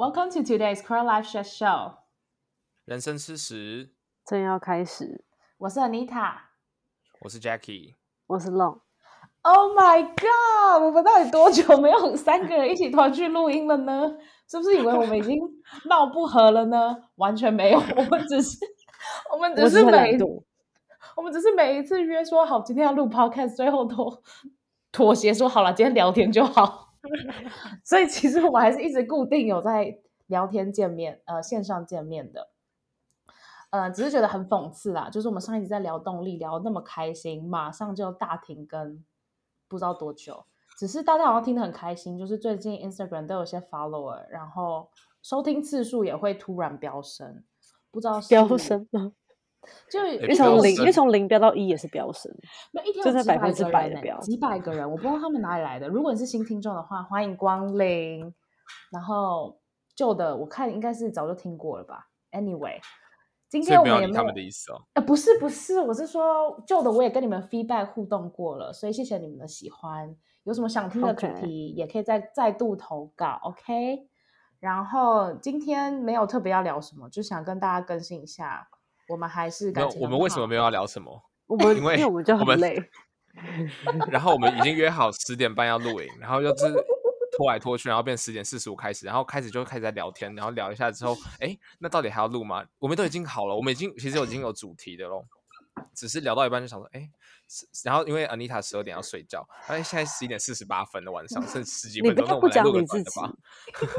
Welcome to today's Core Life Show。人生四十，正要開始。我是 Anita，我是 Jackie，我是 Long。Oh my God！我們到底多久沒有三個人一起團聚錄音了呢？ 是不是以為我們已經鬧不和了呢？完全沒有，我們只是我們只是每我，只我們只是每一次約說好，今天要錄 Podcast，最後都妥協說好了，今天聊天就好。 所以其實我還是一直固定有在聊天見面，呃，線上見面的，呃，只是覺得很諷刺啦。就是我們上一集在聊動力，聊那麼開心，馬上就大停更，不知道多久。只是大家好像聽得很開心，就是最近 Instagram 都有些 follower，然後收聽次數也會突然飆升，不知道是飆升嗎？就、欸、因為從零，你從零飆到一也是飆升、欸，那一天、欸、就在百分之百的飆，幾百個人，我不知道他們哪裡來的。 如果你是新聽眾的話，歡迎光臨。然後舊的，我看應該是早就聽過了吧。Anyway，今天我們也沒有沒有他們的意思哦、喔呃，不是不是，我是說舊的我也跟你們 feedback 互動過了，所以謝謝你們的喜歡。有什麼想聽的主題，也可以再再度投稿，OK。然後今天沒有特別要聊什麼，就想跟大家更新一下。我們還是沒有，我們為什麼沒有要聊什麼？我們因為我們就很累。 然後我們已經約好十點半要錄影，然後就是拖來拖去，然後變成十點四十五開始，然後開始就開始在聊天，然後聊一下之後，哎、欸，那到底還要錄嗎？我們都已經好了，我們已經其實已經有主題的咯。只是聊到一半就想說，哎、欸，然後因為 Anita 十二點要睡覺，而且現在十一點四十八分的晚上，剩十幾分鐘，那我們來錄個專訪。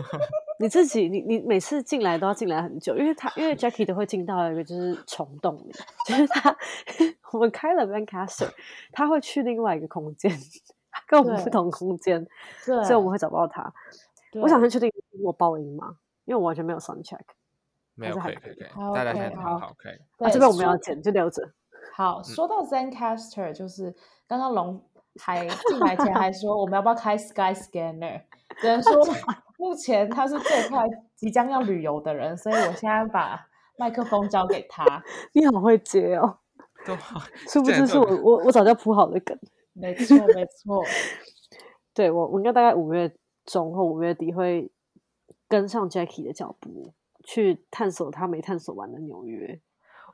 你自己，你你每次進來都要進來很久，因為他因為 Jackie 都會進到一個就是蟲洞裡，就是他我們開了 Zencastr 他會去另外一個空間，跟我們不同空間，對所以我們會找不到他。對我想先確定我爆音嗎？因為我完全沒有 sound check。沒有，可以可以可以，大家先聽好。這邊我們要剪，說就留着。好，說到 Zencastr 就是剛剛龍還進來前還說我們要不要開 Sky Scanner， 只能說。 目前他是最快即將要旅遊的人， 所以我現在把麥克風交給他。你好會接哦，對跑，是不是是我跑我我早就鋪好的梗？沒錯沒錯， 對我我應該大概五月中或五月底會跟上 Jackie 的腳步，去探索他沒探索完的紐約。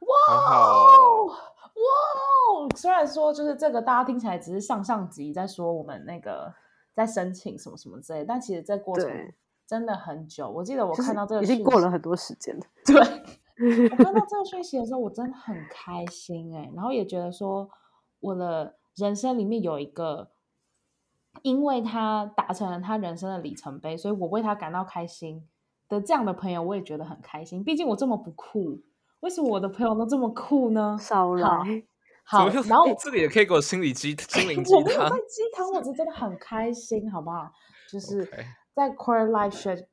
哇哦好哇哦！雖然說就是這個，大家聽起來只是上上集在說我們那個。在申請什麼什麼之類，但其實這過程真的很久。對我記得我看到這個訊息已經過了很多時間了對， 我看到這個訊息的時候，我真的很開心哎，欸，然後也覺得說我的人生裡面有一個，因為他達成了他人生的里程碑，所以我為他感到開心的這樣的朋友，我也覺得很開心。畢竟我這麼不酷，為什麼我的朋友都這麼酷呢？少來來好，然後這裡也可以給我心理雞誒心靈雞湯。我沒有在雞湯，我是真的很開心，是好不好？就是在《Quarter Life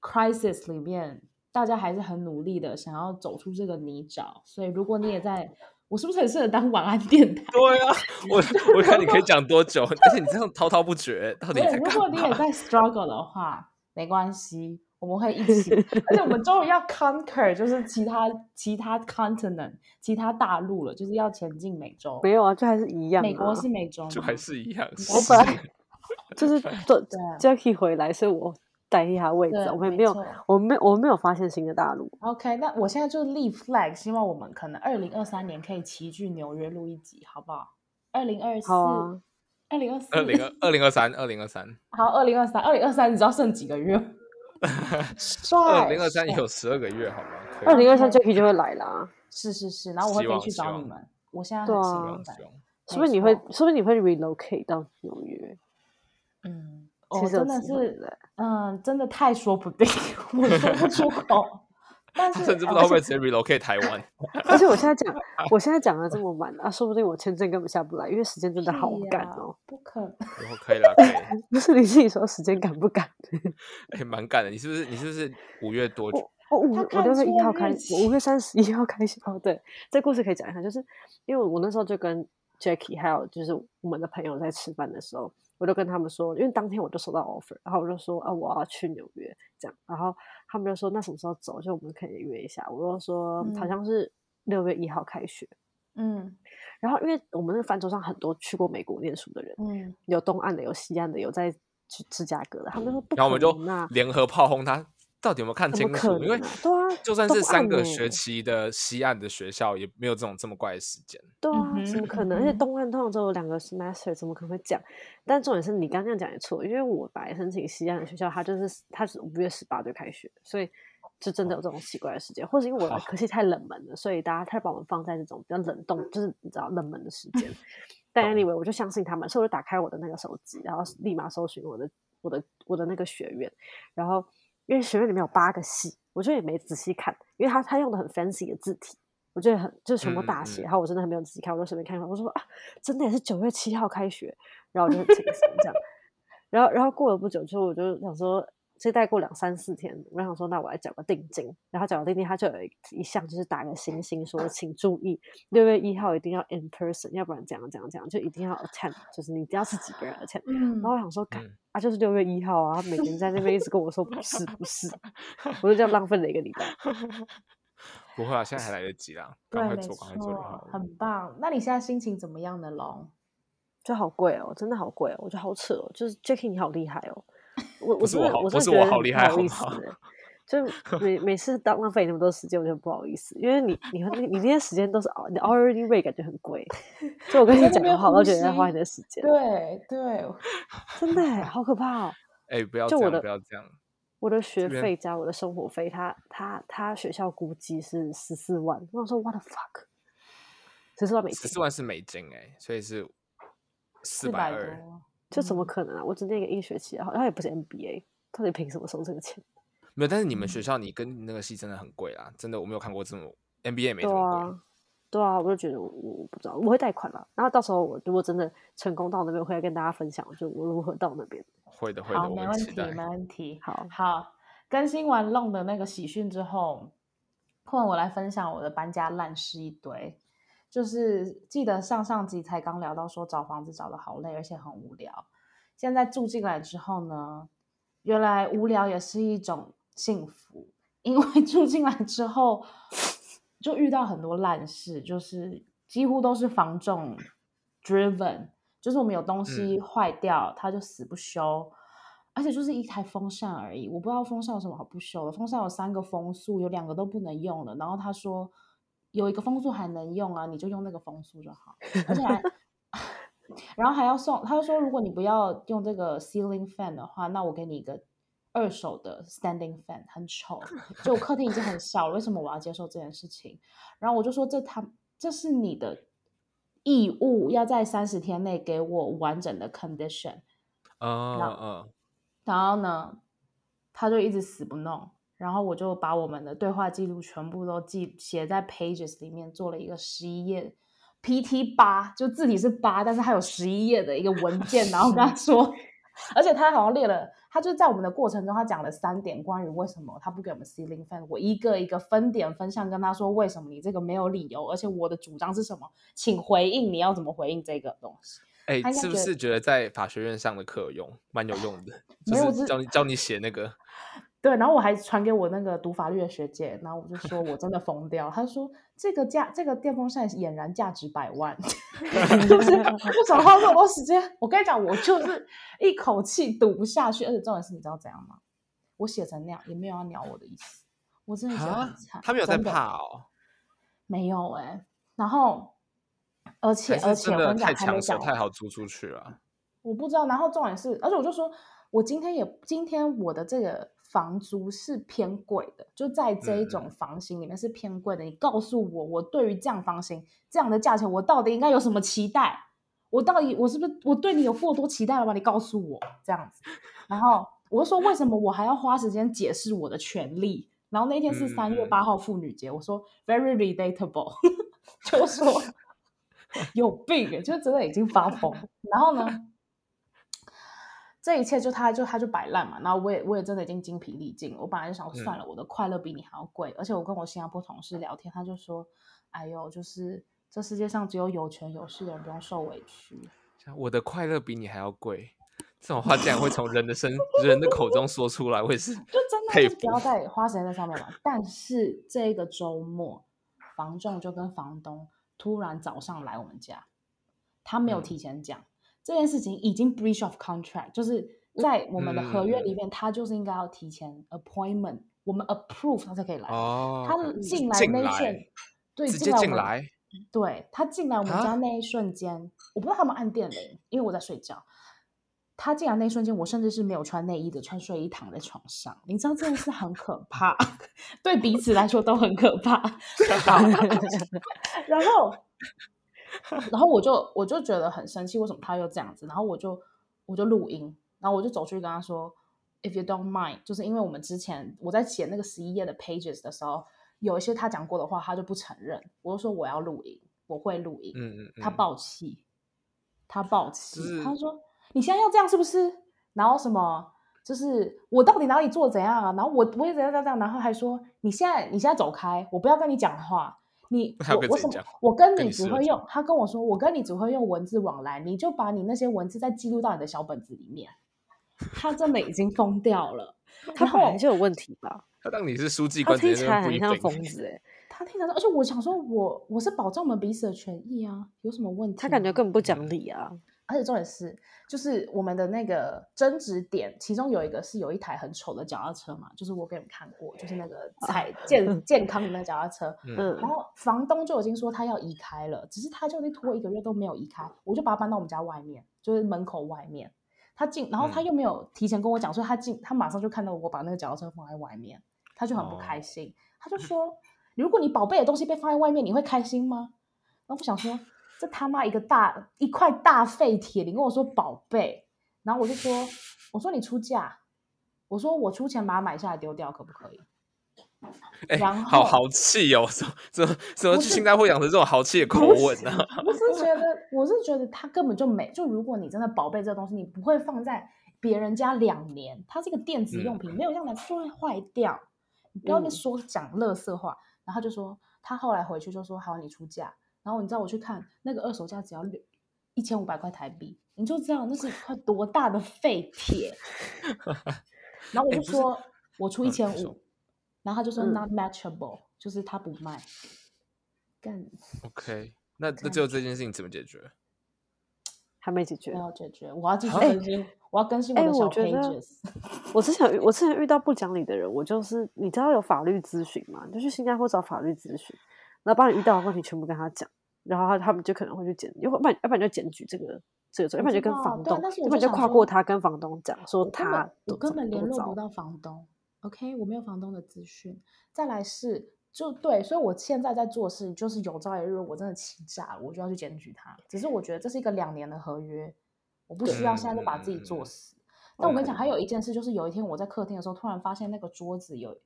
Crisis》裡面，Okay. 大家還是很努力的，想要走出這個泥沼。所以，如果你也在，唉我是不是很適合當晚安電台？對啊，我 我看你可以講多久， 而且你這樣滔滔不絕，到底？如果你也在 struggle 的話，沒關係。 我們會一起，而且我們終於要 conquer，就是其他其他 continent，其他大陸了，就是要前進美洲。沒有啊，就還是一樣，啊。美國是美洲，就還是一樣。我本來就是對， 啊、Jacky 回來，所以我待在他位置。對我們沒，沒，錯沒有，我們沒有，我們沒有發現新的大陸。OK，那我現在就立 flag，希望我們可能二零二三年可以齊聚紐約錄一集，好不好？二零二四，二零二四，二零二二零二二零二三，二零二三。好，二零二三，二零二三，你知道剩幾個月？二零二三也有十二個月，好嗎？二零二三 j u d 就會來啦，是是是，然後我會飛去找你們。望我現在是希望是、啊、望不是你會？是錯不是你會 relocate 到紐約？嗯，其、哦、實真的是，嗯，真的太說不定， 我說不出口。 他甚至不知道會不會直接 relocate 台灣。而且我現在講， 我現在講的這麼晚 啊，說不定我簽證根本下不來，因為時間真的好趕哦、喔啊，不可能、哦、可以了，可以。 不是你自己說時間趕不趕？也蠻趕的。你是不是？你是不是五月多久？我五，我六月一號開始。五月三十一號開始。哦，對，這故事可以講一下，就是因為我那時候就跟 Jacky 還有就是我們的朋友在吃飯的時候。我就跟他們說，因為當天我就收到 offer，然後我就說啊，我要去紐約這樣，然後他們就說那什麼時候走？就我們可以約一下。我就說，嗯，好像是六月一號開學，嗯，然後因為我們那飯桌上很多去過美國念書的人，嗯，有東岸的，有西岸的，有在去芝加哥的，他們就說不可能啊，然後我們就聯合炮轟他。到底有沒有看清楚？啊、因為對啊，就算是三個學期的西岸的學校，欸、也沒有這種這麼怪的時間。對啊，怎麼可能？嗯、哼而且東岸通常只有兩個 semester，怎麼可能會講？但重點是你剛剛講也錯，因為我本來申請西岸的學校，他就是他是五月十八就開學，所以就真的有這種奇怪的時間，哦、或是因為我科系太冷門了，哦、所以大家太把我們放在這種比較冷凍，就是你知道冷門的時間。嗯、但 anyway，我就相信他們，所以我就打開我的那個手機，然後立馬搜尋我的我的我的那個學院，然後。因為學院裡面有八個系，我覺得也沒仔細看，因為他他用的很 fancy 的字體，我覺得很就全部大寫，嗯嗯嗯，然後我真的很沒有仔細看，我都隨便看一眼，我說啊，真的也是九月七號開學，然後我就輕鬆這樣， 然後然後過了不久之後，我就想說。所以待過兩三四天，我想說，那我來繳個定金。然後繳定金，他就有一項就是打個星星，說請注意，六月一號一定要 in person，要不然怎樣怎樣怎樣，就一定要 attend，就是你一定要是幾個人 attend。嗯、然後我想說，嗯、啊，就是六月一號啊，他每天在那邊一直跟我說，不是 不是，我就這樣浪費了一個禮拜。不會啊，現在還來得及了趕快做趕快做就好了，很棒，那你現在心情怎麼樣的？Long，就好貴哦，真的好貴哦，我覺得好扯哦，就是 Jacky 你好厲害哦。我我是我是覺得不好意思，就是每每次當浪費那麼多時間，我覺得不好意思，因為你你你你那些時間都是你 already 熬熬而低費，感覺很貴。就我跟你講，我好，我覺得要花那些時間，對對，真的好可怕。哦。哎，不要這樣，我的學費加我的生活費，他他他學校估計是十四萬。我想說 What the fuck？十四萬美金，十四萬是美金哎，所以是四百二。.這怎麼可能啊！我只念一個一學期、啊，然後他也不是 MBA，到底憑什麼收這個錢？沒有，但是你們學校你跟那個系，真的很貴啊、嗯、真的我沒有看過這麼 MBA 沒這麼貴。對啊，對啊，我就覺得我，我不知道，我會貸款了、啊。然後到時候我如果真的成功到那邊，會跟大家分享，就我如何到那邊。會的，會的，好，我沒問題，沒問題。好好，更新完 Long 的那個喜訊之後，換我來分享我的搬家爛事一堆。就是記得上上集才剛聊到說找房子找得好累，而且很無聊。現在住進來之後呢，原來無聊也是一種幸福，因為住進來之後就遇到很多爛事，就是幾乎都是房仲 driven，就是我們有東西壞掉他就死不修，而且就是一台風扇而已，我不知道風扇有什麼好不修的，風扇有三個風速，有兩個都不能用了。然後他說。有一個風速還能用啊，你就用那個風速就好，而且還， 然後還要送，他就說如果你不要用這個 ceiling fan 的話，那我給你一個二手的 standing fan，很醜，就我客廳已經很小了，為什麼我要接受這件事情？然後我就說，這他這是你的義務，要在三十天內給我完整的 condition，然後呢，他就一直死不弄。然後我就把我們的對話記錄全部都記寫在 Pages 裡面，做了一個十一頁，P T 八，8, 就字體是八，但是它有十一頁的一個文件。 然後跟他說，而且他好像列了，他就在我們的過程中，他講了三點關於為什麼他不給我們 C 零分。我一個一個分點分項跟他說為什麼你這個沒有理由，而且我的主張是什麼，請回應，你要怎麼回應這個東西？哎，是不是覺得在法學院上的課有用，蠻有用的，就是教你是教你寫那個。對，然後我還傳給我那個讀法律的學姐，然後我就說，我真的瘋掉。 她說這個價，這個電風扇儼然價值百萬， 是不是？不想花那麼多時間。我跟你講，我就是一口氣讀不下去，而且重點是，你知道怎樣嗎？我寫成那樣，也沒有要鳥我的意思。我真的覺得很慘，他沒有在怕哦，沒有哎、欸。然後，而且是而且，我且講太理想，太好租出去了。我不知道。然後重點是，而且我就說我今天也今天我的這個。房租是偏貴的，就在這一種房型裡面是偏貴的。嗯嗯，你告訴我，我對於這樣房型這樣的價錢，我到底應該有什麼期待？我到底我是不是我對你有過多期待了嗎？你告訴我這樣子。然後我就說，為什麼我還要花時間解釋我的權利？然後那天是三月八號婦女節，嗯嗯，我說 very relatable，就說 有病，就真的已經發瘋。 然後呢？這一切就他，就他，就擺爛嘛。然後我也，我也真的已經精疲力盡了，我本來就想，算了，嗯、我的快樂比你還要貴。而且我跟我新加坡同事聊天，他就說：“哎呦，就是這世界上只有有權有勢的人不用受委屈。”我的快樂比你還要貴，這種話竟然會從人的身 人的口中說出來，我也是就真的就是不要再花時間在上面了。 但是這個週末，房仲就跟房東突然早上來我們家，他沒有提前講。嗯這件事情已經 breach of contract，就是在我們的合約裡面，嗯、他就是應該要提前 appointment，我們 approve 他才可以來。哦、他進來那一瞬來對，直接進來我們。進來對，他進來我們家那一瞬間，啊、我不知道他們按電鈴，因為我在睡覺。他進來那一瞬間，我甚至是沒有穿內衣的，穿睡衣躺在床上。你知道這件事很可怕， 對彼此來說都很可怕。 然後。 然後我就我就覺得很生氣，為什麼他又這樣子？然後我就我就錄音，然後我就走出去跟他說，If you don't mind，就是因為我們之前我在寫那個十一頁的 pages 的時候，有一些他講過的話，他就不承認。我就說我要錄音，我會錄音。嗯嗯，他爆氣，他爆氣。嗯、他說：“嗯、你現在要這樣是不是？然後什麼？就是我到底哪裡做得怎樣、啊？然後我我也怎樣怎樣？然後還說你現在你現在走開，我不要跟你講話。”你我我什麼？跟我跟你只會用他跟我說，我跟你只會用文字往來，你就把你那些文字再記錄到你的小本子裡面。他真的已經瘋掉了， 他後來就有問題吧？ 他當你是書記官， 他聽起來很像瘋子哎。他聽起來，而且我想說我，我我是保障我們彼此的權益啊，有什麼問題？他感覺根本不講理啊。而且重點是，就是我們的那個爭執點，其中有一個是有一台很醜的腳踏車嘛，就是我給你們看過，就是那個彩健健康的那個腳踏車。嗯。然後房東就已經說他要移開了，只是他就已經拖一個月都沒有移開，我就把他搬到我們家外面，就是門口外面。他進，然後他又沒有提前跟我講說他進，嗯、他馬上就看到我把那個腳踏車放在外面，他就很不開心，哦、他就說：“嗯、如果你寶貝的東西被放在外面，你會開心嗎？”然後我想說。這他媽一個大一塊大廢鐵，你跟我說寶貝，然後我就說，我說你出價，我說我出錢把它買下來丟掉，可不可以？哎、欸，然後好豪氣哦，怎麼怎麼怎麼，是去新加坡養成這種豪氣的口吻呢？啊？我是，是覺得，我是覺得他根本就沒就，如果你真的寶貝這個東西，你不會放在別人家兩年。他這個電子用品，嗯、沒有讓它就壞掉。你不要再說、嗯、講垃圾話，然後就說他後來回去就說，好，你出價。然後你知道我去看那個二手價只要六一千五百塊台幣，你就知道那是塊多大的廢鐵。然後我就說，我出一千五，然後他就說 not matchable，就是他不賣。幹，OK，那那最後這件事情怎麼解決？還沒解決，我要解決，我要繼續更新，我要更新我的小 pages。我之前我之前遇到不講理的人，我就是你知道有法律諮詢嗎？就去新加坡找法律諮詢。然後把你遇到的問題全部跟他講，然後他他們就可能會去檢，要不然要不然就檢舉這個這個事，要不然就跟房東，啊、但是我說要不然就跨過他跟房東講，說他我根，都我根本聯絡不到房東，OK，我沒有房東的資訊。再來是就對，所以我現在在做事，就是有朝一日我真的氣炸了，我就要去檢舉他。只是我覺得這是一個兩年的合約，我不需要現在就把自己做死。跟但我跟你講，對還有一件事就是，有一天我在客廳的時候，突然發現那個桌子有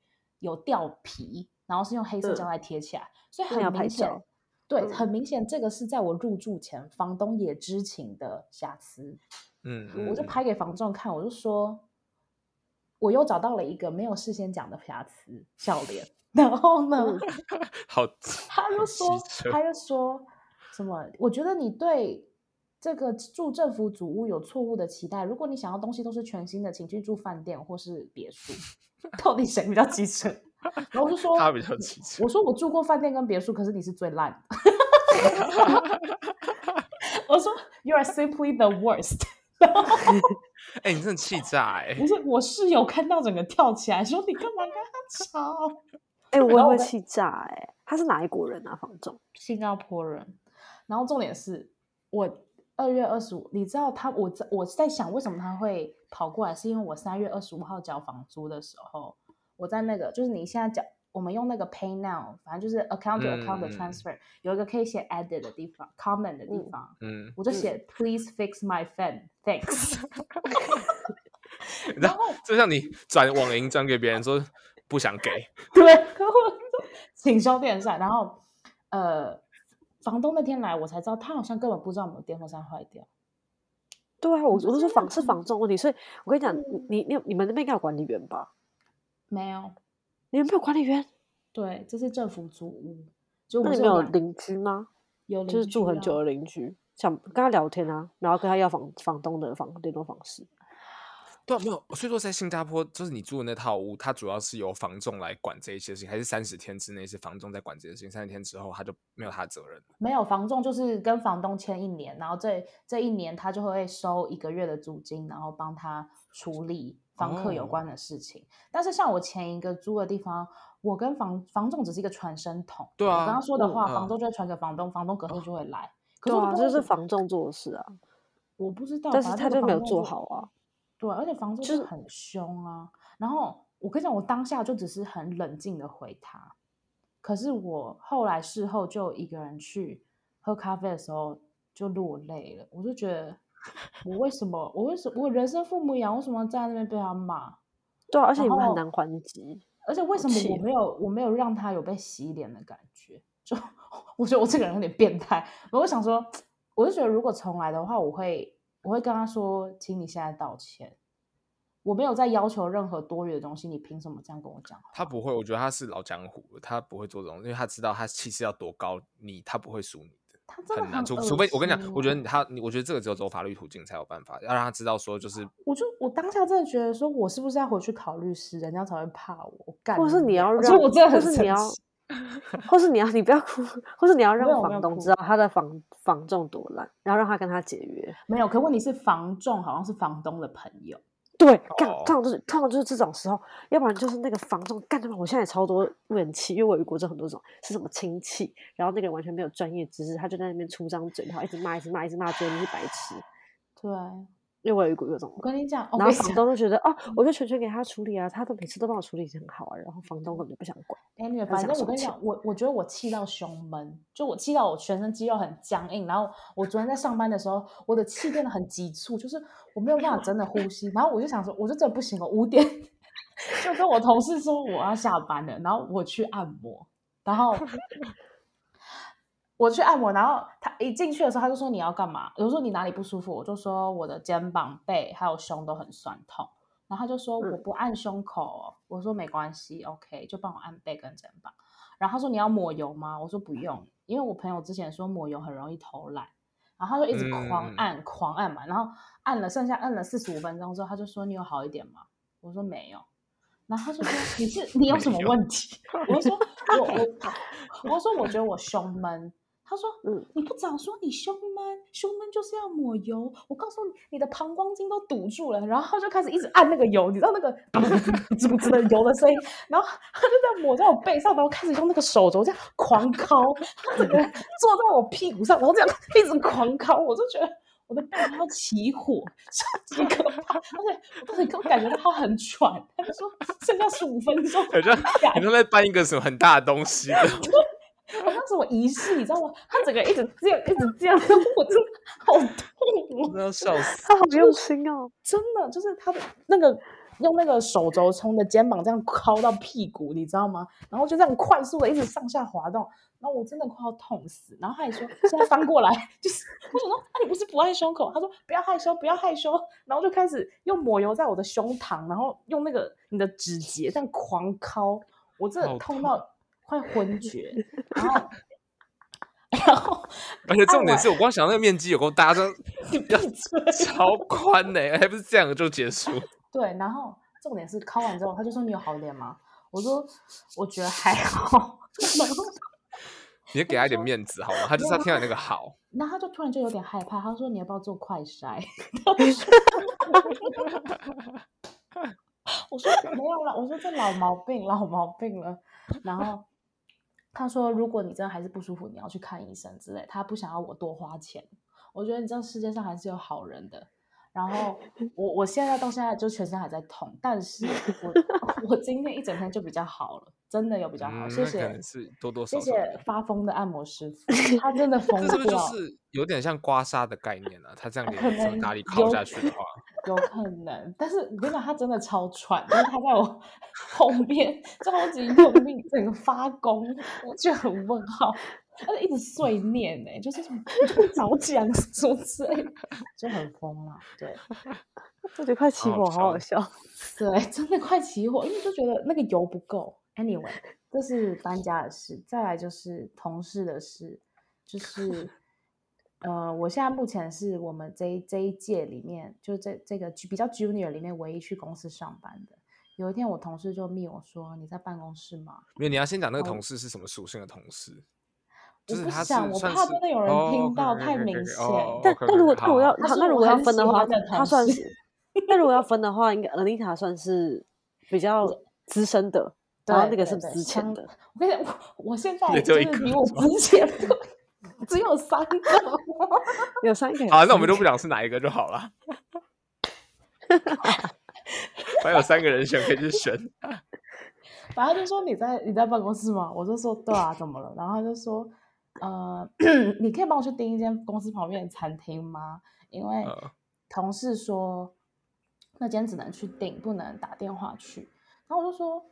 有掉皮。然後是用黑色膠帶貼起來，對所以很明顯，對，很明顯這個是在我入住前，嗯、房東也知情的瑕疵。嗯，嗯我就拍給房仲看，我就說我又找到了一個沒有事先講的瑕疵笑臉。 然後呢， 好他他，他就說他就說什麼？我覺得你對這個住政府組屋有錯誤的期待。如果你想要東西都是全新的，請去住飯店或是別墅。 到底誰比較機車？然後就說，他比較氣。我說我住過飯店跟別墅，可是你是最爛。 我說 You are simply the worst。哎、欸，你真的氣炸哎、欸！不是我，我室友看到整個跳起來說：“你幹嘛跟他吵？”哎、欸，我也會氣炸哎、欸！他是哪一國人啊？房仲新加坡人。然後重點是我二月二十五，你知道他我在我在想為什麼他會跑過來，是因為我三月二十五號交房租的時候。我在那個，就是你現在講，我們用那個 Pay Now，反正就是 Account, Account to Account Transfer，、嗯、有一個可以寫 added 的地方、嗯、，Comment 的地方，嗯，我就寫、嗯、Please fix my fan，Thanks。 然後， 然後就像你轉網銀轉給別人說 不想給，對，我說請修電扇。然後呃，房東那天來，我才知道他好像根本不知道我們的電風扇壞掉。對啊，我我都說房是房東問題，所以我跟你講，你你你們那邊應該有管理員吧？沒有，你有沒有管理員？對，這是政府租屋，就屋是沒有鄰、啊、居嗎、啊？有就是住很久的鄰居，想跟他聊天啊，然後跟他要房 房東的房聯絡方式。對、啊，沒有。所以說，在新加坡，就是你住的那套屋，它主要是由房仲來管這一些事情，還是三十天之內是房仲在管這些事情，三十天之後他就沒有他的責任？沒有，房仲就是跟房東簽一年，然後這這一年他就會收一個月的租金，然後幫他處理。房客有關的事情，嗯、但是像我前一個租的地方，我跟房房仲只是一個傳聲筒。對啊，我剛剛說的話，嗯、房仲就會傳給房東，嗯、房東隔天就會來。對啊，可是是這是房仲做的事啊。我不知道。但是他就沒有做好啊。對，而且房仲就是很凶啊。就是、然後我跟你講，我當下就只是很冷靜的回他，可是我後來事後就一個人去喝咖啡的時候就落淚了，我就覺得。我為什麼？ 我為什麼？我人生父母養，我為什麼站在那邊被他罵？對、啊、然後，而且我很難還擊。而且為什麼我沒有？我，我沒有讓他有被洗臉的感覺。就我覺得我這個人有點變態。 我想說，我就覺得如果重來的話，我會我會跟他說，請你現在道歉。我沒有再要求任何多餘的東西，你憑什麼這樣跟我講？他不會，我覺得他是老江湖，他不會做這種，因為他知道他氣勢要多高，你他不會輸你。他真的很、啊、很難處，除非我跟你講，我覺得他，我覺得這個只有走法律途徑才有辦法，要讓他知道說就是。啊、我就我當下真的覺得說，我是不是要回去考律師，人家才會怕我幹？或是你要讓，哦、我或是你要， 或是你要，你不要哭，或是你要讓房東知道他的房 房仲多爛，然後讓他跟他解約。沒有，可問題是房仲好像是房東的朋友。對，哦、幹，通常就是通常就是這種時候，要不然就是那個房東幹他媽，我現在也超多怨氣，因為我遇過這很多種，是什麼親戚，然後那個人完全沒有專業知識，他就在那邊出張嘴，然後一直罵，一直罵，一直罵，覺得你是白痴，對。又有有一股有種，我跟你講，然後房東都覺得 Okay. 啊，我就全權給他處理啊，他都每次都幫我處理得很好啊，然後房東根本就不想管。e m、哎、反正我跟你講，我我覺得我氣到胸悶，就我氣到我全身肌肉很僵硬，然後我昨天在上班的時候，我的氣變得很急促，就是我沒有辦法真的呼吸， 然後我就想說，我就真的不行了。五點 就跟我同事說我要下班了，然後我去按摩，然後。 我去按摩，然後他一進去的時候，他就說你要幹嘛？我說你哪裡不舒服？我就說我的肩膀、背還有胸都很痠痛。然後他就說我不按胸口。是我說沒關係，OK，就幫我按背跟肩膀。然後他說你要抹油嗎？我說不用，因為我朋友之前說抹油很容易偷懶。然後他就一直狂按、嗯、狂按嘛，然後按了剩下按了四十五分鐘之後，他就說你有好一點嗎？我說沒有。然後他就說你是你有什麼問題？有我說我我我說我覺得我胸悶。他說：“嗯、你不早說你兄妹，你胸悶，胸悶就是要抹油。我告訴你，你的膀胱經都堵住了。然後就開始一直按那個油，你知道那個滋滋滋的油的聲音。然後他就在抹在我背上，然後開始用那個手肘這樣狂敲。他整個人坐在我屁股上，我這樣一直狂敲，我就覺得我的背要起火，超級可怕。 而且我時給我感覺到他很喘，他就說，剩下十五分鐘。好像你在搬一個什麼很大的東西。 ”哦、我當時我一世，你知道嗎？他整個人一直這樣，一直這樣，我真的好痛哦、啊！我真的要笑死，他好沒有心哦！真的，就是他的那個用那個手肘從的肩膀這樣敲到屁股，你知道嗎？然後就這樣快速的一直上下滑動，然後我真的快要痛死。然後他還說：“現在翻過來， 就是我想說：‘啊，你不是不愛胸口？’他說：‘不要害羞，不要害羞。’然後就開始用抹油在我的胸膛，然後用那個你的指節這樣狂敲，我真的痛到。痛”快昏厥，然後， 然後而且重點是我光想到那個面積有夠大，真就不要超寬呢、欸， 還不是這樣就結束？對，然後重點是摳完之後，他就說，你有好點嗎？我說我覺得還好。然後你給他一點面子 好嗎？他就是他聽你那個好，然後 他就突然就有點害怕，他說，你要不要做快篩？我說沒有了，我說這老毛病，老毛病了，然後。他說：“如果你真的還是不舒服，你要去看醫生之類。”他不想要我多花錢。我覺得你這樣世界上還是有好人的。然後我我現在到現在就全身還在痛，但是我我今天一整天就比較好了，真的有比較好，嗯、謝謝，是多多少少謝謝發瘋的按摩師，他真的瘋了。這是不是，是有點像刮痧的概念呢、啊？他這樣給你從哪裡靠下去的話，可有，有可能。但是你別講，他真的超喘，但是他在我後面超級用力，整個發功，我就很問號。他一直碎念呢、欸，就是怎麼早講，怎麼 就很瘋了。對，就覺得快起火，好好笑。好好笑對，真的快起火，因為就覺得那個油不夠。Anyway，這是搬家的事，再來就是同事的事，就是呃，我現在目前是我們這一這一屆裡面，就是這這個比較 Junior 裡面唯一去公司上班的。有一天，我同事就密我說：“你在辦公室嗎？”沒有，你要先講那個同事是什麼屬性的同事。 我不想，我怕真的有人聽到，太明顯，但但如果如果要他如果要分的話，他算是；那如果要分的話，應該 Anita 算是比較資深的，然後那個是值錢的。我跟你講，我現在就是比我值錢的只有三個，有三個。好，那我們都不講是哪一個就好了。反正有三個人選可以去選。反正就說，你在你在辦公室嗎？我就說，對啊，怎麼了？然後他就說。呃， 你可以幫我去訂一間公司旁邊的餐廳嗎？因為同事說，oh. 那間只能去訂，不能打電話去。然後我就說，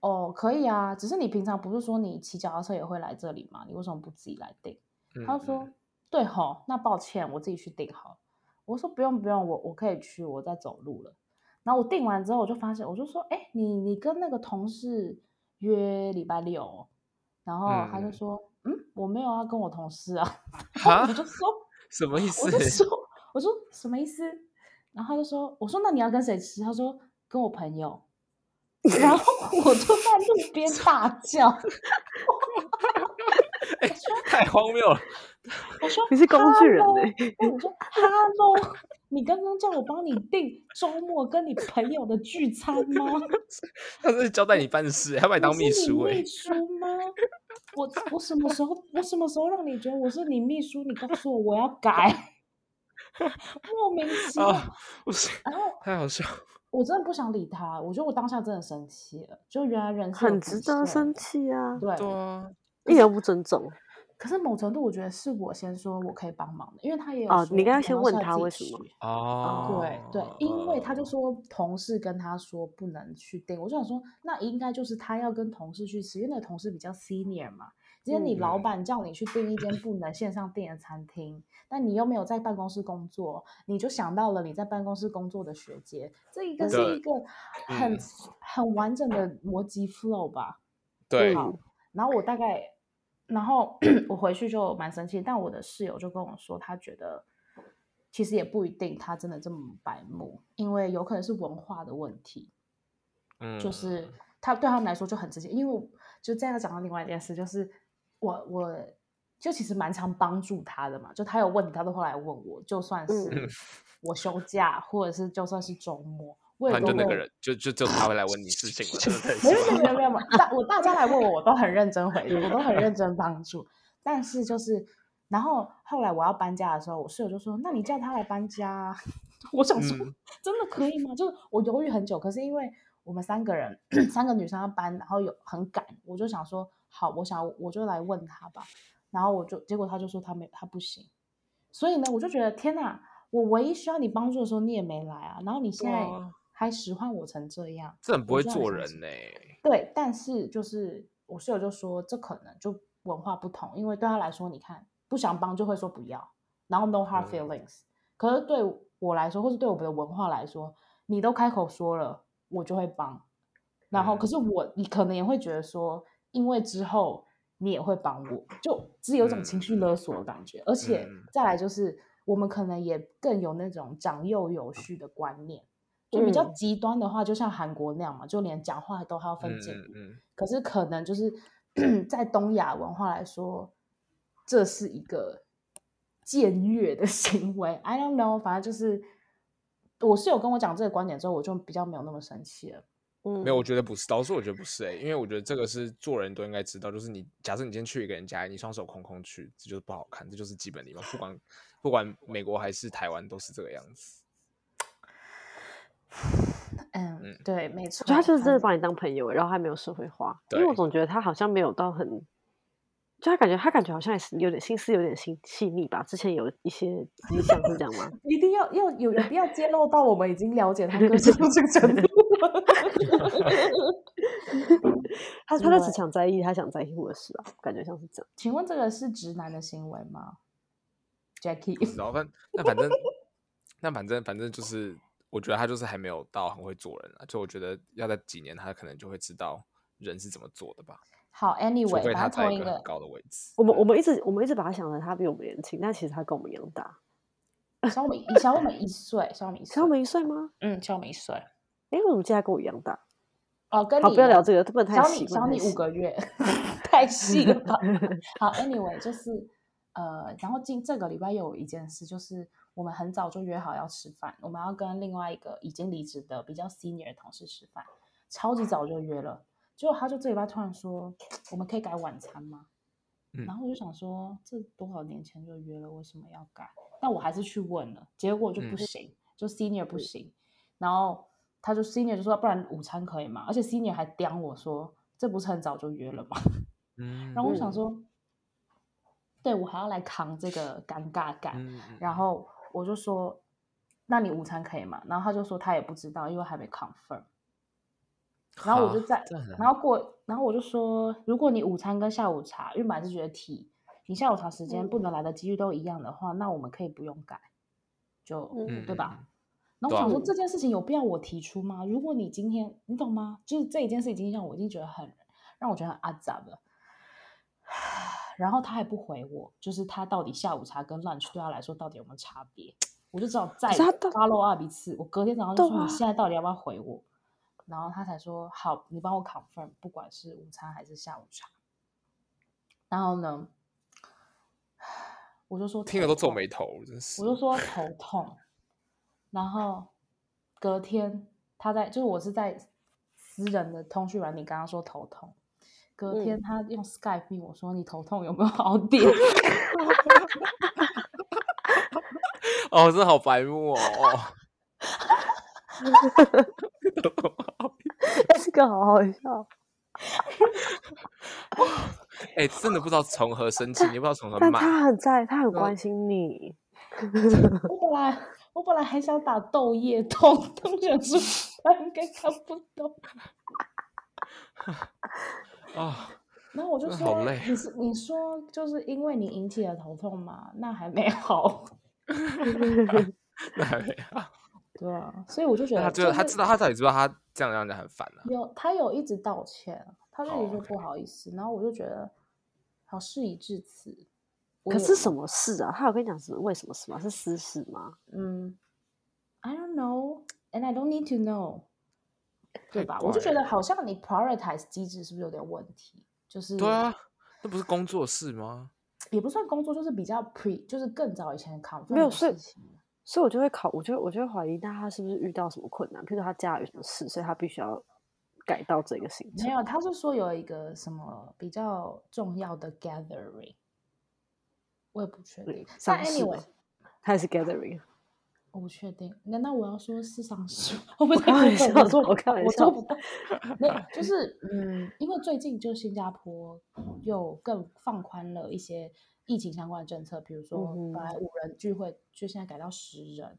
哦，可以啊，只是你平常不是說你騎腳踏車也會來這裡嗎？你為什麼不自己來訂？Mm hmm. 他就說，對吼，那抱歉，我自己去訂好。我說，不用不用，我我可以去，我在走路了。然後我訂完之後，我就發現，我就說，誒，你你跟那個同事約禮拜六，然後他就說。Mm hmm. 嗯，我沒有啊，跟我同事啊，蛤我就說什麼意思？我就說，我說什麼意思？然後他就說，我說那你要跟誰吃？他說跟我朋友。然後我就在路邊大叫，太荒謬了！我說你是工具人哎、欸！我說哈嘍， 你剛剛叫我幫你訂周末跟你朋友的聚餐嗎？他是交代你辦事、欸，他把你當秘書哎、欸。 我我什麼時候我什麼時候讓你覺得我是你秘書？你告訴我，我要改， 莫名其妙，是，然後太好笑、啊，我真的不想理他。我覺得我當下真的生氣了，就原來人是很值得生氣啊，對，一點、啊就是、不尊重。可是某程度，我覺得是我先說我可以幫忙的，因為他也有、哦、你應該先問他為什麼。嗯哦、對對，因為他就說同事跟他說不能去訂，我就想說，那應該就是他要跟同事去吃，因為那同事比較 senior 嘛。今天你老板叫你去訂一間不能線上訂的餐廳，那、嗯、你又沒有在辦公室工作，你就想到了你在辦公室工作的學姐，這一個是一個很、嗯、很完整的邏輯 flow 吧？對。好，然後我大概。然後 我回去就蠻生氣，但我的室友就跟我說，他覺得其實也不一定，他真的這麼白目，因為有可能是文化的問題。嗯，就是他對他們來說就很直接，因為就再要講到另外一件事，就是我我就其實蠻常幫助他的嘛，就他有問題他都會來問我，就算是我休假，嗯、或者是就算是周末。反正就那個人， 就就就他會來問你事情了。沒有沒有沒有，大我大家來問我，我都很認真回應，我都很認真幫助。 但是就是，然後後來我要搬家的時候，我室友就說：“那你叫他來搬家。啊。”我想說：“嗯、真的可以嗎？”就是我猶豫很久，可是因為我們三個人， 三個女生要搬，然後有很趕，我就想說：“好，我想我就來問他吧。”然後我就結果他就說他沒他不行。所以呢，我就覺得天吶，我唯一需要你幫助的時候你也沒來啊。然後你現在。還使喚我成這樣，這很不會做人呢、欸。對，但是就是我室友就說，這可能就文化不同，因為對他來說，你看不想幫就會說不要，然後 no hard feelings。嗯、可是對我來說，或是對我們的文化來說，你都開口說了，我就會幫。然後，可是我、嗯、你可能也會覺得說，因為之後你也會幫我，就只有種情緒勒索的感覺。嗯嗯嗯嗯、而且再來就是，我們可能也更有那種長幼有序的觀念。嗯就比較極端的話，就像韓國那樣嘛，就連講話都還要分解、嗯嗯、可是可能就是在東亞文化來說，這是一個僭越的行為。I don't know，反正就是我室友跟我講這個觀點之後，我就比較沒有那麼生氣了。嗯，沒有，我覺得不是，導致我覺得不是哎、欸，因為我覺得這個是做人都應該知道，就是你假設你今天去一個人家，你雙手空空去，這就是不好看，這就是基本禮貌。不管不管美國還是台灣，都是這個樣子。嗯，對，沒錯，他就是真的把你當朋友，對然後還沒有社會化，對因為我總覺得他好像沒有到很，就他感覺他感覺好像有點心思有點心細膩吧，之前有一些你象 是，是這樣嗎？ 一定要要有一定要揭露到我們已經了解他個性這個程度，他他他只想在意他想在意我的事啊，感覺像是這樣。請問這個是直男的行為嗎？Jacky，然後那反正那 反正反正就是。我覺得他就是還沒有到很會做人了，啊，就我覺得要在幾年他可能就會知道人是怎麼做的吧。好，Anyway，他在一個很高的位置。我們我們一直我們一直把他想成他比我們年輕，但其實他跟我們一樣大。小我們小我們一歲，小我們小我們一歲嗎？ 嗯，小我們一歲。哎、嗯，為什麼現在跟我一樣大？哦，跟你不要聊這個，不能太細。小你，你五個月， 太細了。吧。 好，Anyway，就是呃，然後進這個禮拜有一件事就是。我們很早就約好要吃飯，我們要跟另外一個已經離職的比較 senior 的同事吃飯，超級早就約了。結果他就這禮拜突然說，我們可以改晚餐嗎？嗯、然後我就想說，這多少年前就約了，為什麼要改？但我還是去問了，結果就不行，嗯、就 senior 不行。然後他就 senior 就說，不然午餐可以嗎？而且 senior 還刁我說，這不是很早就約了嗎？嗯、然後我想說，嗯、對，我還要來扛這個尷尬感，嗯、然後。我就說，那你午餐可以嗎？然後他就說他也不知道，因為還沒 confirm。然後我就在，然後過，然後我就說，如果你午餐跟下午茶，因為滿是覺得體，你下午茶時間不能來的幾率都一樣的話，嗯、那我們可以不用改，就、嗯、對吧？然後我想說、嗯、這件事情有必要我提出嗎？如果你今天，你懂嗎？就是這一件事情經讓我已經覺得很讓我覺得很阿雜了。然後他還不回我，就是他到底下午茶跟 lunch 對他來說到底有沒有差別？我就只好再 follow up 一次，我隔天早上就說，你現在到底要不要回我？啊、然後他才說好，你幫我 confirm 不管是午餐還是下午茶。然後呢，我就說聽了都皺眉頭，真是。我就說頭痛， 然後隔天他在就是我是在私人的通訊軟體，你剛剛說頭痛。隔天他用 Skype 我說：“你頭痛有沒有好點，嗯？”哈哈哈好白目哦！哈、哦、哈 這個好好笑。哎、欸，真的不知道從何生氣，但也不知道從何罵。但他很在，他很關心你。 我本來我本來很想打豆頁痛痛，想說但跟他應該看不懂。 啊，然後、oh, 我就說，好累，你是你說，就是因為你引起了頭痛嘛，那還沒好， 那對啊， 對啊，所以我就覺得、就是、他，就他知道，他知道他到底知道他這樣這樣讓人很煩了、啊。有他有一直道歉，他就一直說不好意思，oh, okay. 然後我就覺得，好事已至此，可是什麼事啊？有他有跟你講什麼？為什麼什麼？是私事嗎？嗯，I don't know, and I don't need to know. 對吧？怪怪我就覺得好像你 prioritize 機制是不是有點問題？就是對啊，這不是工作室嗎？也不算工作，就是比較 pre，就是更早以前 confirm 的事情，所以我就會考，我就我就會懷疑，那他是不是遇到什麼困難，比如說他家裡有什麼事，所以他必須要改到這個行程。沒有，他是說有一個什麼比較重要的 gathering，我也不確定。對但 anyway，他也是 gathering。我不確定，難道我要說世上十？ 我不太是懂。我做對我做不到。沒有， 就是嗯，因為最近就新加坡又更放寬了一些疫情相關的政策，比如說本來五人聚會就現在改到十人，嗯、哼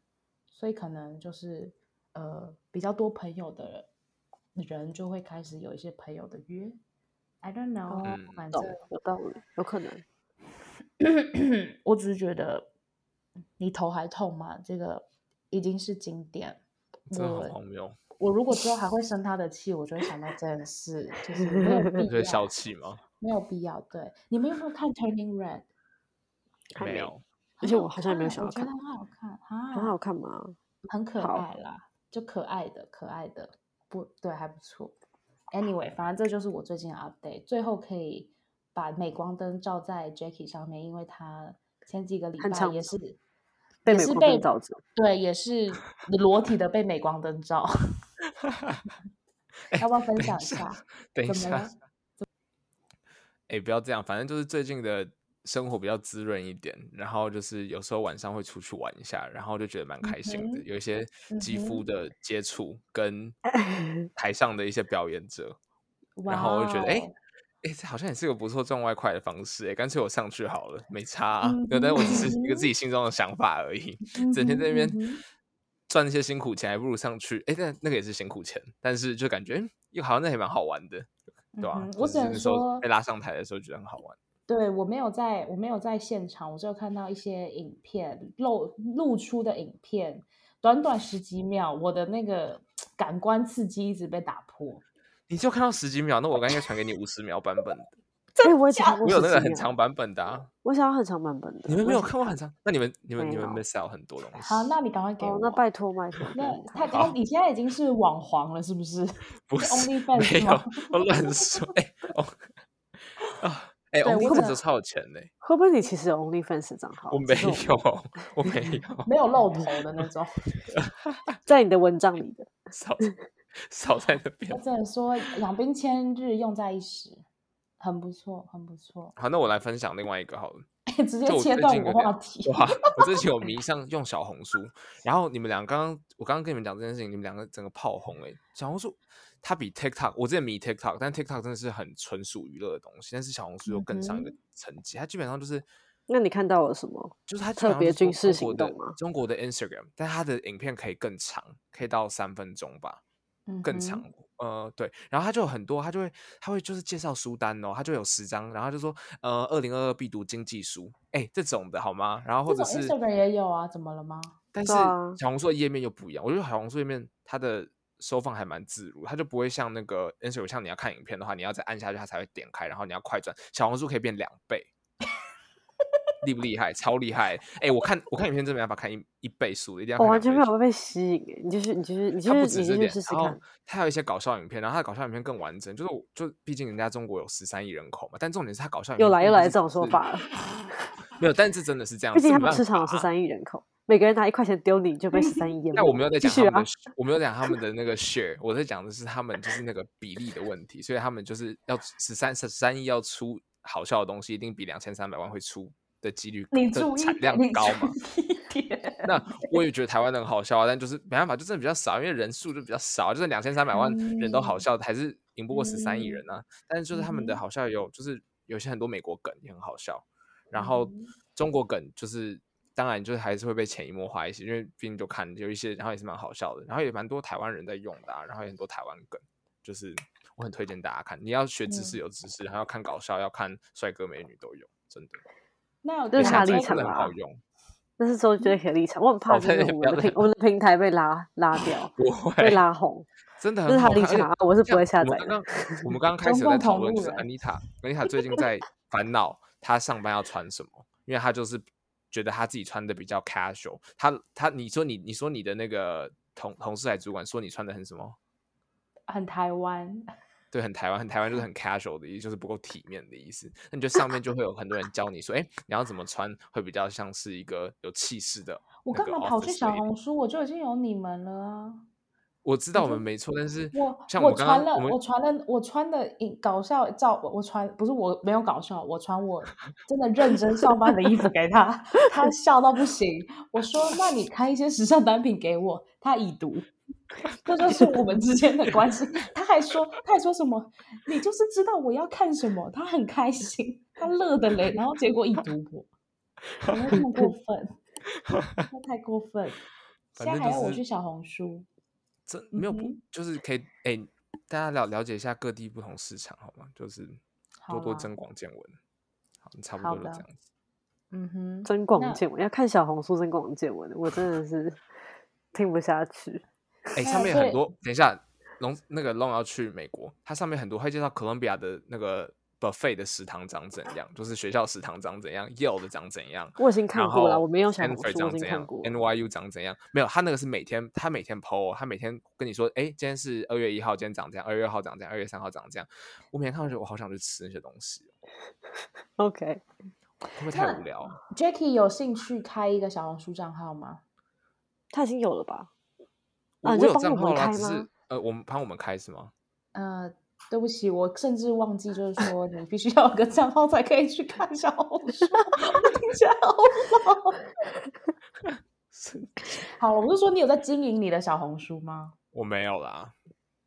所以可能就是呃比較多朋友的人就會開始有一些朋友的約。I don't know，、嗯、反正我懂，有可能。 我只是覺得。你頭還痛嗎？這個已經是經典。真的好荒謬。我，我如果之後還會生他的氣，我就會想到這件事，就是會消氣嗎？沒有必要。對，你們有沒有看《Turning Red》？沒有。而且我好像沒有想到看。看我覺得很好看啊。很好看嘛，很可愛啦，好就可愛的可愛的，不對，還不錯。Anyway，反正這就是我最近的 update。最後可以把鎂光燈照在 Jacky 上面，因為他前幾個禮拜也是。被美光燈照着，對，也是裸體的被美光燈照。 欸、 要不要分享一下？等一下，哎麼、欸，不要這樣，反正就是最近的生活比較滋潤一點，然後就是有時候晚上會出去玩一下，然後就覺得蠻開心的。嗯、哼有一些肌膚的接觸跟台上的一些表演者。 然後我就覺得欸。欸哎，這好像也是個不錯賺外快的方式哎，乾脆我上去好了，沒差、啊，嗯哼沒有。但是我只是一個自己心中的想法而已，嗯、哼整天在那邊賺一些辛苦錢，還不如上去。哎，那那個也是辛苦錢，但是就感覺又好像那也蠻好玩的，對吧？我只能說被拉上台的時候覺得很好玩。對，我沒有在，我沒有在現場，我就看到一些影片露露出的影片，短短十幾秒，我的那個感官刺激一直被打破。你就看到十幾秒，那我剛應該傳給你五十秒版本的。這我有那個很長版本的啊，我想要很長版本的。你們沒有看過很長，那你們你們你們 miss 掉很多東西。好，那你趕快給我，那拜託拜託，那他他你現在已經是網黃了是不是？不是，OnlyFans。沒有，我亂說。哎，啊，哎，OnlyFans 超有錢嘞。會不會你其實有 OnlyFans 賬號？我沒有，我沒有，沒有露頭的那種，在你的文章裡的。少在那邊。我在說“養兵千日，用在一時”，很不錯，很不錯。好，那我來分享另外一個好了。欸、直接切到你的話題。哇！我之前有迷上用小紅書， 然後你們兩個剛剛，我剛剛跟你們講這件事情，你們兩個整個炮轟誒、欸。小紅書它比 TikTok，我之前迷 TikTok，但 TikTok 真的是很純屬娛樂的東西。但是小紅書又更上一個層級，它、嗯、哼基本上就是……那你看到了什麼？就是它特別軍事行動嗎？中國的 Instagram，但它的影片可以更長，可以到三分鐘吧。更長，呃，對，然後他就有很多，他就會，他會就是介紹書單哦，他就有十張，然後他就說，呃，二零二二必讀經濟書，哎，這種的好嗎？然後或者是這 ins 也有啊，怎麼了嗎？但是小紅書的頁面又不一樣，我覺得小紅書頁面它的收放還蠻自如，它就不會像那個 ins，像你要看影片的話，你要再按下去它才會點開，然後你要快轉，小紅書可以變兩倍。厲不厲害？超厲害！哎、欸，我看我看影片真沒辦法，看一一倍速，一定要看兩倍速。我完全沒有被吸引，你就是你就是你就是、不直接去試試看。他有一些搞笑影片，然後他搞笑影片更完整。就是就畢竟人家中國有十三億人口嘛，但重點是他搞笑。又來又來這種說法了。沒有，但是真的是這樣。畢竟他們市場十三億人口， 每個人拿一塊錢丟，你就被十三億。那 我沒有在講他們、啊、我沒有在講他們的那個 share，我在講的是他們就是那個比例的問題。所以他們就是要十三十三億要出好笑的東西，一定比兩千三百萬會出的幾率高，產量高嘛。 那我也覺得台灣的很好笑啊，但就是沒辦法，就是比較少，因為人數就比較少，就是兩千三百萬人都好笑，嗯、還是贏不過十三億人呢。啊。嗯、但是就是他們的好笑有，嗯、就是有些很多美國梗也很好笑，嗯、然後中國梗就是當然就是還是會被潛移默化一些，因為畢竟就看有一些，然後也是蠻好笑的，然後也蠻多台灣人在用的啊，然後也很多台灣梗就是我很推薦大家看，你要學知識有知識，然後要看搞笑，要看帥哥美女都有，真的。那我就是他立場啊，那、嗯、是說覺得他立場，我很怕真的我們的平、嗯、我們的平台被拉拉掉，會被拉紅，真的。很好他立場我是不會下載。我們剛剛開始在討論，就是安妮塔， 安妮塔最近在煩惱 她上班要穿什麼，因為她就是覺得她自己穿的比較 casual。她她，你說你你說你的那個同同事還主管說你穿的很什麼？很台灣。對，很台灣，很台灣就是很 casual 的意思，就是不夠體面的意思。那你就上面就會有很多人教你說，哎、欸，你要怎麼穿會比較像是一個有氣勢的？我幹嘛跑去小紅書？我就已經有你們了啊！我知道我們沒錯，但是像我剛剛我傳了，我傳了，我傳的，的搞笑照，我傳不是我沒有搞笑，我傳我真的認真上班的衣服給他， 他笑到不行。我說，那你開一些時尚單品給我，他已讀。這 就是我們之間的關係。他還說，他還說什麼？你就是知道我要看什麼，他很開心，他樂的嘞。然後結果一讀我，不要 那麼過分， 太過分。就是、現在還要我去小紅書，這沒有就是可以哎、欸，大家了了解一下各地不同市場，好嗎？就是多多增廣見聞，好，啊、好，差不多就這樣子。嗯哼，增廣見聞那要看小紅書增廣見聞，我真的是聽不下去。 哎，上面很多。以等一下，龍那個龍要去美國，他上面很多會介紹哥倫比亞的那個 buffet 的食堂長怎樣，就是學校食堂長怎樣，Yale 的長怎樣。我已經看過了，然後我沒有想我經看過。NYU 長怎樣？沒有，他那個是每天他每天 po，他每天跟你說，哎、欸，今天是二月一號，今天長這樣，二月二號長這樣，二月三號長這樣。我每天看的時候我好想去吃那些東西。 OK，會不會太無聊？Jacky 有興趣開一個小紅書賬號嗎？他已經有了吧？啊，我有帳號啦，只是，呃，我們幫我們開是嗎？呃，對不起，我甚至忘記，就是說你必須要有個賬號才可以去看小紅書，聽好嗎？好，我是說你有在經營你的小紅書嗎？我沒有啦，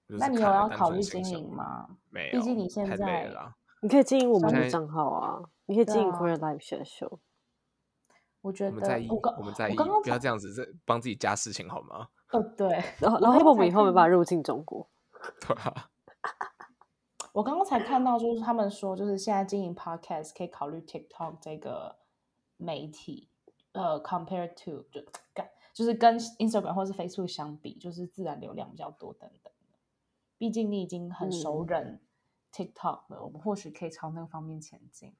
那你有要考慮經營嗎？沒有，畢竟你現在，你可以經營我們的賬號啊，你可以經營 Quarter Life 選秀。我覺得，我剛，我們剛剛不要這樣子，在幫自己加事情好嗎？呃、哦，對，然後，然後我們以後沒辦法入境中國。 我剛剛才看到，就是他們說，就是現在經營 podcast 可以考慮 TikTok 這個媒體，嗯、呃，compared to 就就是跟 Instagram 或是 Facebook 相比，就是自然流量比較多等等。畢竟你已經很熟稔 TikTok 了、嗯，我們或許可以朝那個方面前進。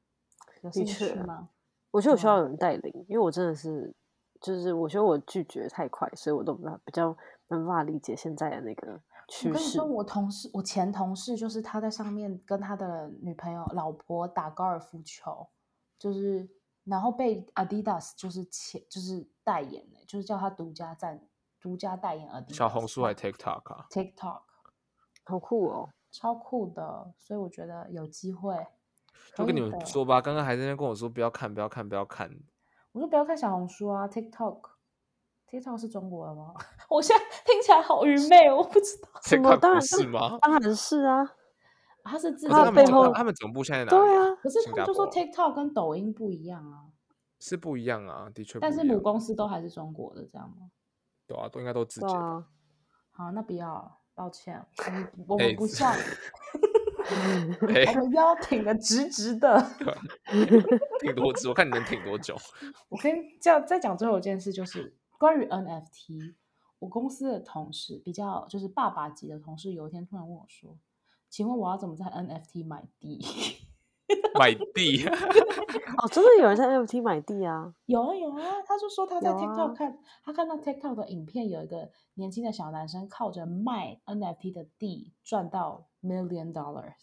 有興趣嗎？嗯、我覺得我需要有人帶領，嗯、因為我真的是。就是我覺得我拒絕太快，所以我都比較比較沒辦法理解現在的那個趨勢。我跟你說，我同事，我前同事就是他在上面跟他的女朋友、老婆打高爾夫球，就是然後被 Adidas 就是前就是代言就是叫他獨家贊、獨家代言 Adidas。小紅書還 TikTok 啊？TikTok 好酷哦。嗯，超酷的。所以我覺得有機會，就跟你們說吧。對剛剛還在那跟我說不要看，不要看，不要看。我說不要看小紅書啊，TikTok，TikTok TikTok 是中國的嗎？ 我現在聽起來好愚昧。啊、我不知道。TikTok 當然是嗎？當然是啊，他是自。是他的背後他，他們總部現在，在哪，啊？對啊，可是他們就是說 TikTok 跟抖音不一樣啊，是不一樣啊，的確。但是母公司都還是中國的，這樣嗎？對啊，都應該都自、啊。好，那不要，抱歉，我們我們不笑，我們腰挺的直直的、 欸。 挺多，我看你能挺多久。 我跟講再講最後一件事，就是關於 NFT。我公司的同事比較就是爸爸級的同事，有一天突然問我說：“請問我要怎麼在 NFT 買地？買地？哦，真的有人在 NFT 買地啊？有啊有啊！他就說他在 TikTok 看，啊、他看到 TikTok 的影片，有一個年輕的小男生靠着賣 NFT 的地賺到 Million Dollars，、嗯、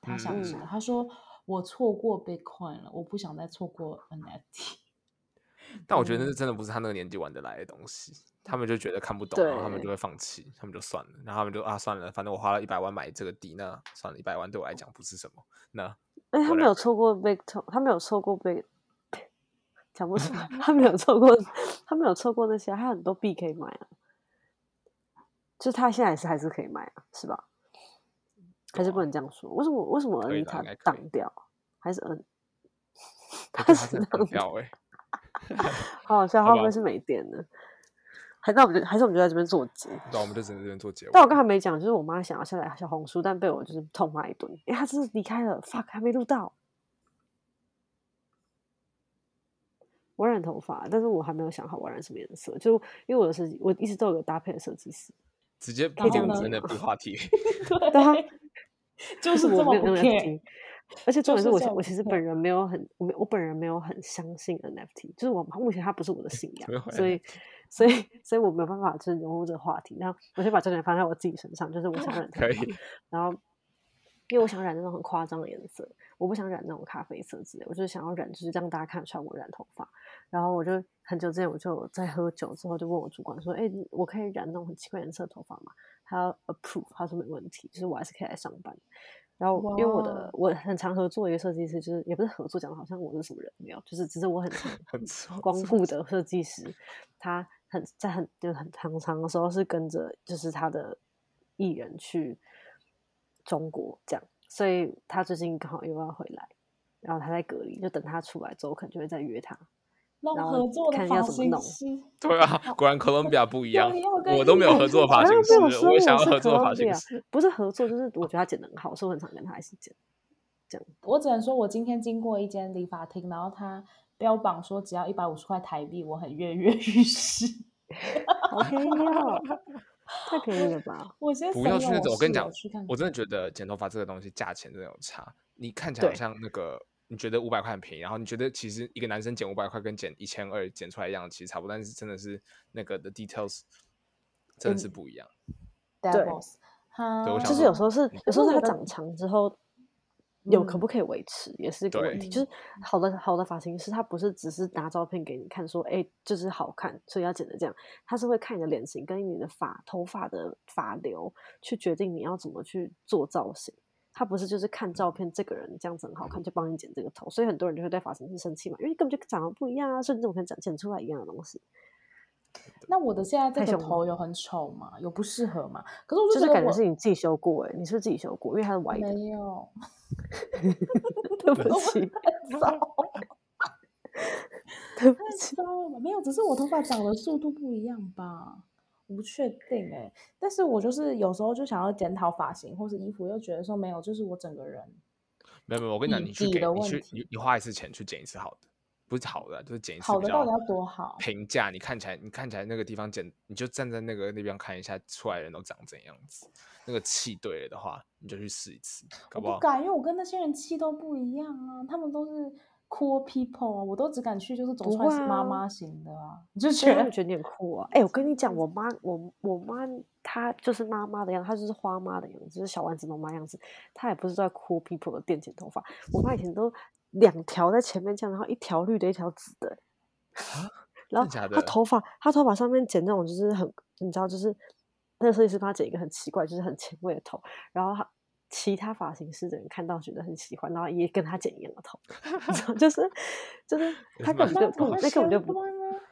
他想知道，他說。”我錯過 Bitcoin 了，我不想再錯過 NFT。但我覺得那真的不是他那個年紀玩得來的東西，嗯、他們就覺得看不懂，對然後他們就會放棄，他們就算了，然後他們就啊算了，反正我花了一百萬買這個地，那算了，一百萬對我來講不是什麼。嗯、那哎、欸，他沒有錯過 B，他沒有錯過 B，講不出來，他沒有錯過，他沒有錯過那些，還有很多幣可以買啊，就是他現在是還是可以買啊，是吧？還是不能這樣說，為什麼？為什麼摁它擋掉？還是摁？他是這樣子， 好好笑！會不會是沒電了？還是我們就還是我們就在這邊作結？那、嗯、我們就在這邊作結。但我剛才沒講，就是我媽想要下載小紅書，但被我就是痛罵一頓，因為她真是離開了 ，fuck 還沒錄到。我染頭髮，但是我還沒有想好我染什麼顏色，就因為我的設計，我一直都有個搭配的設計師，直接、啊、不以講真的不話題， 對。 就是這麼騙，而且重點是我我其實本人沒有很我沒我本人沒有很相信 NFT，就是我目前它不是我的信仰， 會所以所以所以我沒有辦法就是融入這個話題。然後我就把重點放在我自己身上，就是我想要染頭髮， 以然後因為我想染那種很誇張的顏色，我不想染那種咖啡色之類，我就是想要染，就是讓大家看出來我染頭髮。然後我就很久之前我就在喝酒之後就問我主管說，哎，我可以染那種很奇怪顏色的頭髮嗎？他要 approve，他說沒問題，就是我還是可以來上班。然後因為我的 Wow. 我很常合作一個設計師，就是也不是合作講，講的好像我是什麼人沒有，就是只是我很，很光顧的設計師， 他很在很就很常常的時候是跟着就是他的藝人去中國這樣，所以他最近剛好又要回來，然後他在隔離，就等他出來之後可能就會再約他。然後看要怎麼弄，合作對啊，果然 Columbia 不一樣，啊、我都沒有合作的髮型師，我想要合作的髮型師，是 Columbia, 不是合作，就是我覺得他剪得很好，所以我很常跟他一起剪。這樣，我只能說，我今天經過一間理髮廳，然後他標榜說只要一百五十塊台幣，我很躍躍欲試。太可以了，太可以了吧？我不要去那種，我跟你講，我,看看我真的覺得剪頭髮這個東西價錢真的有差，你看起來好像那個。你覺得五百塊很便宜，然後你覺得其實一個男生剪五百塊跟剪一千二剪出來一樣，其實差不多，但是真的是那個的 details 真的是不一樣。嗯、對，就是有時候是、嗯、有時候是他長長之後有可不可以維持，嗯、也是一個問題。對就是好的好的髮型師，他不是只是拿照片給你看說，哎，就是好看，所以要剪成這樣，他是會看你的臉型跟你的髮頭髮的髮流去決定你要怎麼去做造型。他不是就是看照片，這個人這樣子很好看，就幫你剪這個頭，所以很多人就會對髮型師生氣嘛，因為根本就長得不一樣啊，甚至怎麼可能剪出來一樣的東西？對那我的現在這個頭有很醜嘛，羞有不適合嘛？可是我，就，我就是感覺是你自己修過哎、欸，你是不是自己修過？因為它是歪的。沒有。 對不起，太很 對不起。糟了嘛？沒有，只是我頭髮長的速度不一樣吧。不確定哎、欸，但是我就是有時候就想要檢討髮型或是衣服，又覺得說沒有，就是我整個人沒有沒有。我跟你講，你去給你去你你花一次錢去剪一次好的，不是好的、啊、就是剪一次好的到底要多好？評價你看起來，你看起來那個地方剪，你就站在那個那邊看一下，出來人都長怎樣子，那個氣對了的話，你就去試一次，敢不,不敢？因為我跟那些人氣都不一樣啊，他們都是。Cool people 啊，我都只敢去，就是總算是媽媽型的啊，啊你就覺得有點酷啊。哎、欸，我跟你講，我媽，我我媽她就是媽媽的樣子，她就是花媽的樣子，就是小丸子的媽媽的樣子。她也不是在 Cool people 的店剪頭髮。我媽以前都兩條在前面這樣，然後一條綠的，一條紫的。然後她頭髮，她頭髮上面剪那種就是很，你知道，就是那個設計師幫她剪一個很奇怪，就是很前衛的頭，然後她。其他髮型師的人看到覺得很喜歡，然後也跟他剪一樣的頭， 就是就是他根本就不那個根本就不，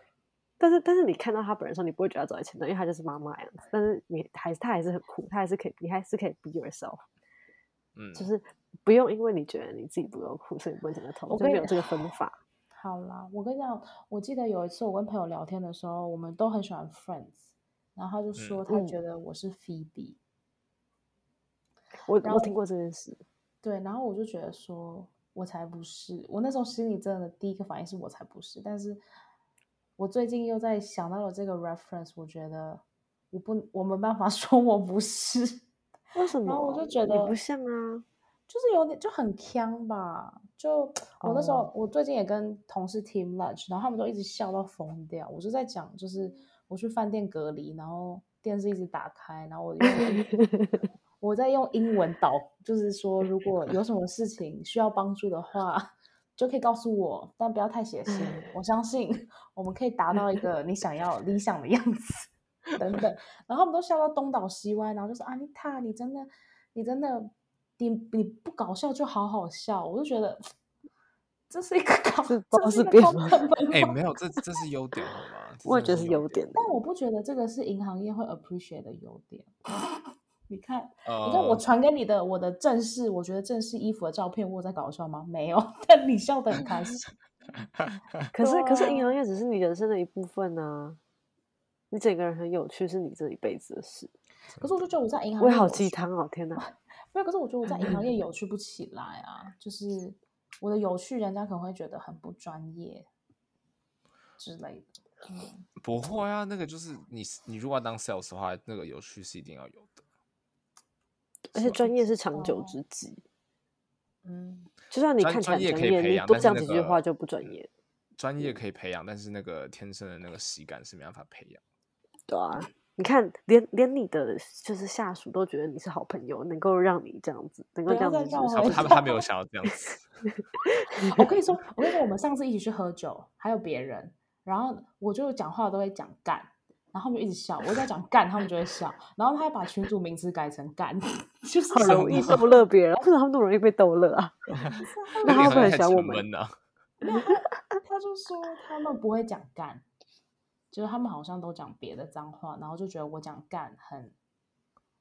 但是但是你看到他本人的時候，你不會覺得他走在前頭，因為他就是媽媽樣，但是你還是他還是很酷，他還是可以，你還是可以 be yourself，嗯，就是不用因為你覺得你自己不夠酷，所以不會剪個頭，我跟你，就沒有這個分法。好啦，我跟你講，我記得有一次我跟朋友聊天的時候，我們都很喜歡 Friends，然後他就說他覺得我是 Phoebe。嗯嗯我後我聽過這件事，對，然後我就覺得說，我才不是，我那時候心裡真的第一個反應是我才不是。但是，我最近又在想到了這個 reference，我覺得我不，我沒辦法說我不是。為什麼啊？然後我就覺得不像啊，就是有點就很嗆吧。就我那時候，Oh. 我最近也跟同事 team lunch，然後他們都一直笑到瘋掉。我就在講，就是我去飯店隔離，然後電視一直打開，然後我就。 我在用英文導，就是說，如果有什麼事情需要幫助的話， 就可以告訴我，但不要太寫信。 我相信我們可以達到一個你想要理想的樣子等等。 然後他們都笑到東倒西歪，然後就說：“Anita，你真的，你真的，你你不搞笑就好好笑。”我就覺得這是一個搞笑是高成本。哎人，沒有，這這是優點好嗎？ 我也覺得是優點的， 但我不覺得這個是銀行業會 appreciate 的優點。 你看，oh. 你看我傳給你的我的正式，我覺得正式衣服的照片，我在搞笑嗎？沒有，但你笑得很開心。 可是，oh. 可是銀行業只是你人生的一部分啊！你整個人很有趣，是你這一輩子的事。可是，我就覺得我在銀行業，我也好雞湯哦，天吶。不是，可是我覺得我在銀行業有趣不起來啊！ 就是我的有趣，人家可能會覺得很不專業之類的。不會啊，那個就是你，你如果要當 sales 的話，那個有趣是一定要有的。而且專業是長久之計，嗯，就算你看起來專業，專業可以培養，你多講幾句話就不專業。那個、專業可以培養，但是那個天生的那個喜感是沒辦法培養。對啊，對，你看，連連你的就是下屬都覺得你是好朋友，能夠讓你這樣子，嗯、能夠這樣子，樣他他沒有想要這樣子。 我可以說，我跟你說，我們上次一起去喝酒，還有別人，然後我就講話都會講幹。然後他們就一直笑，我一直在講幹，他們就會笑。然後他還把群主名字改成幹，就是很容易逗樂別人。為什麼他們那麼容易被逗樂啊？他會很想我們。沒有，他就說他們不會講幹，就是他們好像都講別的髒話，然後就覺得我講幹很、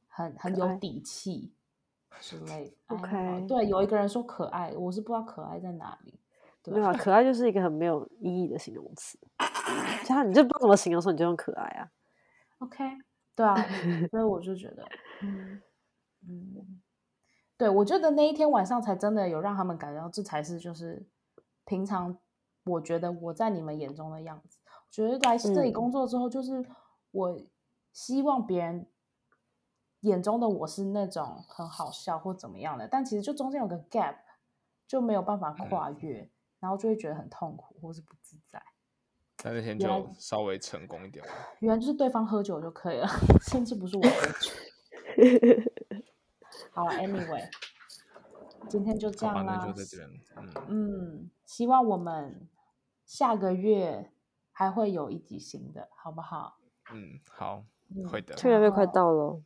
很、很有底氣之類。OK，對，有一個人說可愛，我是不知道可愛在哪裡。對吧，可愛就是一個很沒有意義的形容詞。其他 你就不怎麼形容說你這種可愛啊，OK，對啊，所以 我就覺得，嗯，嗯，對，我覺得那一天晚上才真的有讓他們感覺到，這才是就是平常我覺得我在你們眼中的樣子。我覺得來這裡工作之後，就是我希望別人眼中的我是那種很好笑或怎麼樣的，但其實就中間有個 gap 就沒有辦法跨越，嗯、然後就會覺得很痛苦或是不自在。那那天就稍微成功一點原。原來就是對方喝酒就可以了， 甚至不是我喝酒。好，Anyway，今天就這樣啦。啊、嗯,嗯，希望我們下個月還會有一集新的，好不好？嗯，好，嗯、會的。退了月快到了，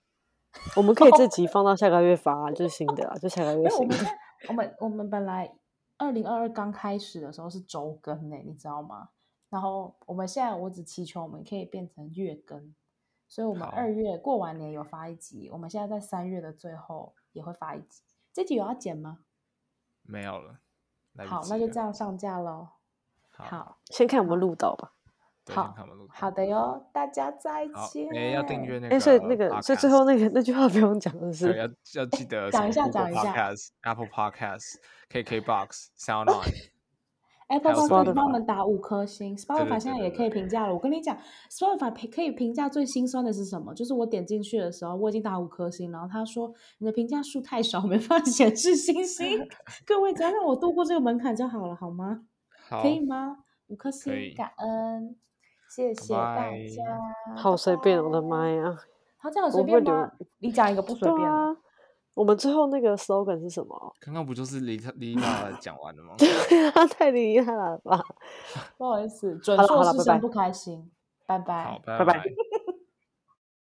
我們可以這集放到下個月發、啊、就新的啦就下個月新的。 我們我們本來二零二二剛開始的時候是周更呢，你知道嗎？然後我們現在，我只祈求我們可以變成月更，所以我們二月過完年有發一集，我們現在在三月的最後也會發一集。這集有要剪嗎？沒有了。好，那就這樣上架嘍。好，先看我們錄到吧。好，好的喲，大家再見。哎，要訂閱那個。哎，所以那個，所以最後那個那句話不用講了是不是？要要記得講一下，講一下。Apple Podcasts、KKBox、SoundOn。Apple 官方幫我們打五顆星，Spotify 現在也可以評價了。對對對對，我跟你講，Spotify 可以評價最心酸的是什麼？就是我點進去的時候，我已經打五顆星，然後他說，你的評價數太少，沒法顯示星星。各位只要讓我度過這個門檻就好了，好嗎？好，可以嗎？五顆星，感恩，謝謝大家。好，隨便。我的媽呀，隨便嗎？我不留。你講一個不隨便啊我們最後那個 slogan 是什麼？剛剛不就是李他李娜講完了嗎？ 對啊，太厲害了吧！ 不好意思，轉做事情不開心，好了好了，拜拜，拜，拜好，拜拜。